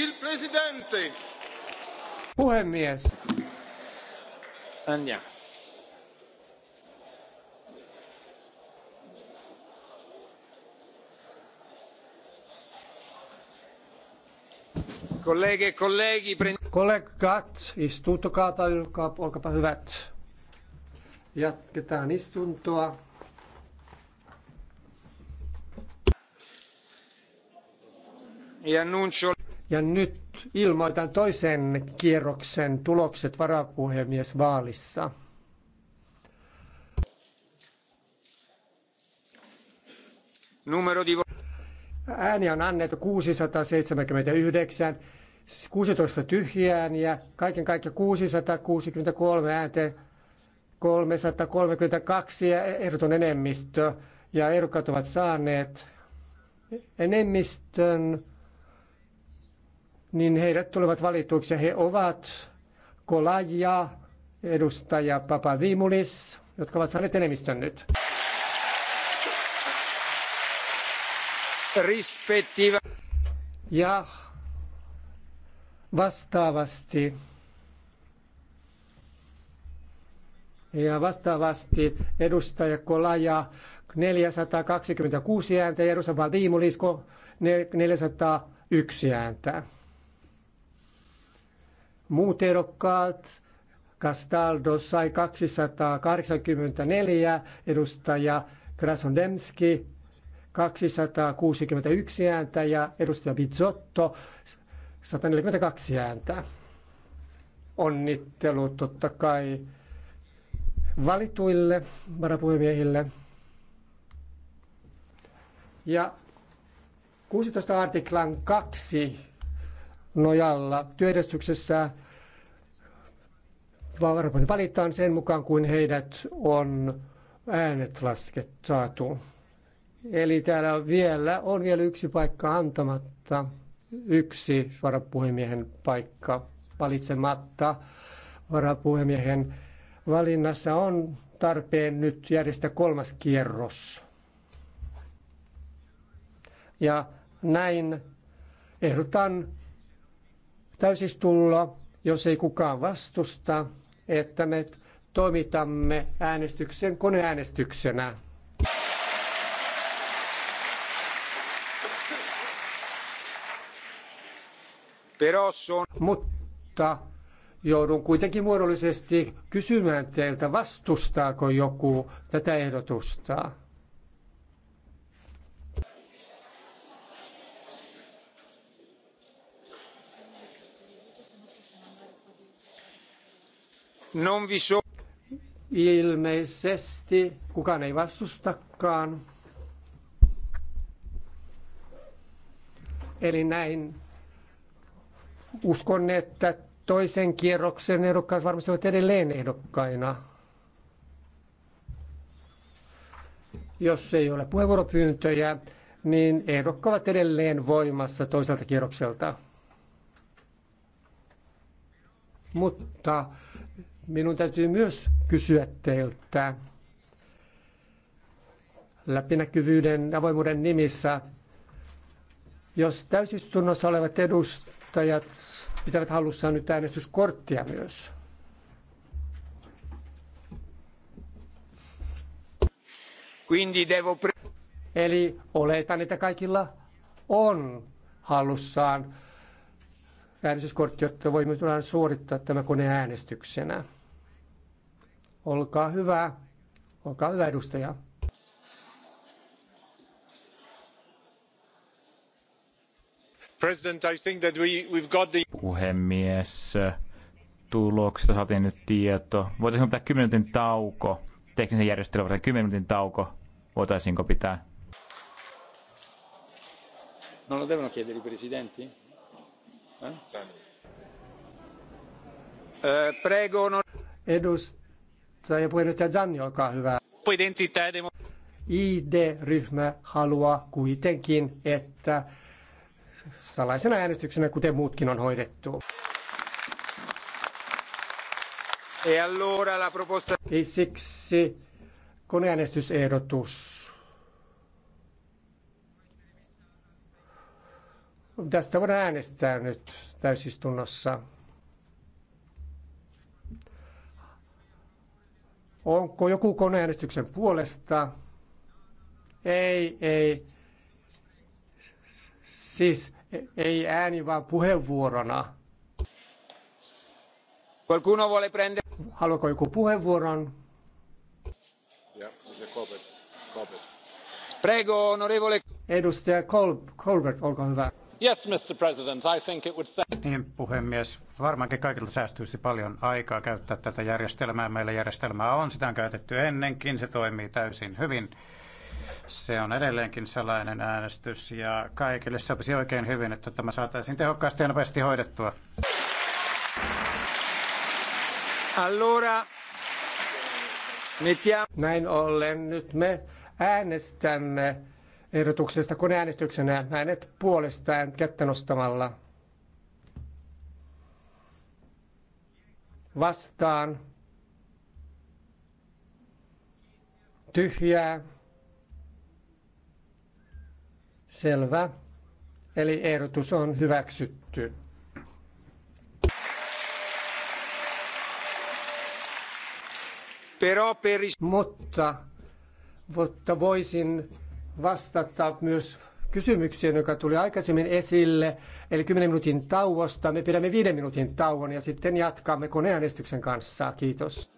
arvoisa Puhemies. E Kollegat, istuutukaa tai olkaapa hyvät. Jatketaan istuntoa. E ja nyt ilmoitan toisen kierroksen tulokset varapuhemiesvaalissa. Numero di... Ääniä on annettu 679, 16 tyhjää ja kaiken kaikkiaan 663 ääntä 332 ja ehdoton enemmistö. Ja ehdokkaat ovat saaneet enemmistön niin heidät tulevat valituiksi. He ovat Kolaja, edustaja Papa Vimulis, jotka ovat saaneet enemmistön nyt. Respektiva. Ja vastaavasti ja vastaavasti edustaja Kolaja 426 ääntä ja edustaja Viimulisko 401 ääntä. Muut ehdokkaat, Castaldo sai 284 edustajaa, Krasnodemski 261 ääntä ja edustaja Bizzotto 142 ääntä. Onnittelu totta kai valituille varapuhemiehille. Ja 16 artiklan 2 nojalla työjärjestyksessä valitaan sen mukaan, kuin heidät on äänet lasket saatu. Eli täällä vielä on vielä yksi paikka antamatta, yksi varapuhemiehen paikka valitsematta. Varapuhemiehen valinnassa on tarpeen nyt järjestää kolmas kierros. Ja näin ehdotan täysistunnolla, jos ei kukaan vastusta, että me toimitamme äänestyksen koneäänestyksenä. Mutta joudun kuitenkin muodollisesti kysymään teiltä, vastustaako joku tätä ehdotusta. Non vi so... Ilmeisesti kukaan ei vastustakaan. Eli näin uskon, että toisen kierroksen ehdokkaat varmasti ovat edelleen ehdokkaina. Jos ei ole puheenvuoropyyntöjä, niin ehdokkaat edelleen voimassa toiselta kierrokselta. Mutta minun täytyy myös kysyä teiltä läpinäkyvyyden avoimuuden nimissä, jos täysistunnossa olevat edustajat pitävät hallussaan nyt äänestyskorttia myös. Eli oletan, että kaikilla on hallussaan äänestyskortti, jotta voimme suorittaa tämä koneäänestyksenä. Olkaa hyvä. Olkaa hyvä edustaja. President, I think that we, we've got the... Puhemies, tuloksesta saatiin nyt tieto. Voitaisiinko pitää 10 minuutin tauko? Teknisen järjestelmän varten 10 minuutin tauko. Voitaisiinko pitää? Non lo devono chiedere i presidenti? Eh? eh prego, non... Edus, ja puheenjohtaja Zanni, olkaa hyvä. ID-ryhmä haluaa kuitenkin, että salaisena äänestyksenä, kuten muutkin on hoidettu. E allora la proposta... E siksi koneäänestysehdotus. Tästä voidaan äänestää nyt täysistunnossa. Onko joku koneäänestyksen puolesta? Ei, ei. Siis ei ääni vaan puheenvuorona. Qualcuno vuole prendere... Haluaako joku puheenvuoron? Joo, se Colbert. Prego, onorevole. Edustaja Col- Colbert, olkaa hyvä. Yes, Mr. President, I think it would say... Niin, puhemies. Varmaankin kaikilta säästyisi paljon aikaa käyttää tätä järjestelmää. Meillä järjestelmää on, sitä on käytetty ennenkin, se toimii täysin hyvin. Se on edelleenkin salainen äänestys ja kaikille sopisi oikein hyvin, että tämä saataisiin tehokkaasti ja nopeasti hoidettua. Allora, näin ollen nyt me äänestämme ehdotuksesta koneäänestyksenä äänet puolesta kättä nostamalla. Vastaan. Tyhjää. Selvä. Eli ehdotus on hyväksytty. Mutta, mutta voisin vastata myös kysymykseen, joka tuli aikaisemmin esille, eli 10 minuutin tauosta. Me pidämme 5 minuutin tauon ja sitten jatkamme koneäänestyksen kanssa. Kiitos.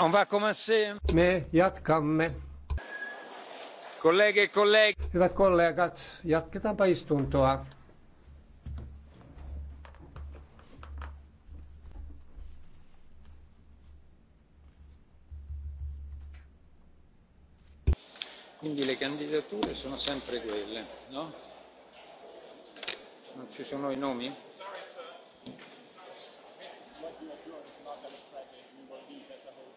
On va commencer. Me jatkamme. Kollege, kolleg. E Hyvät kollegat, jatketaanpa istuntoa. Quindi le candidature sono sempre quelle, no? Non ci sono i nomi?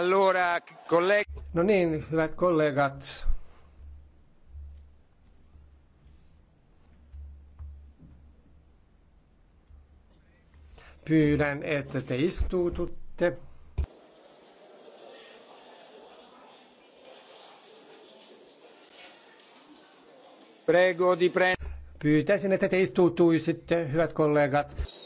Allora, kolleg- no niin, hyvät kollegat. Pyydän, että te istuututte. Prego di pre- Pyytäisin, että te istuutuisitte, hyvät kollegat.